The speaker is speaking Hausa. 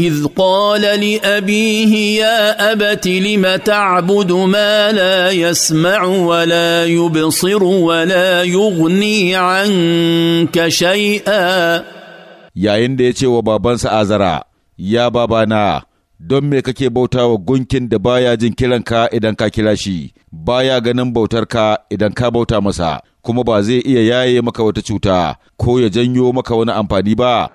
إذ قال لأبيه يا أبت لم تعبد ما لا يسمع ولا يبصر ولا يغني عنك شيئا yayin da ya ce wa babansa azara ya babana don me kake bauta wa gunkin da baya jin kiranka idan ka kira shi baya ganin bautarka idan ka bauta masa kuma ba zai iya yaye maka wata cuta ko ya janyo maka wani amfani ba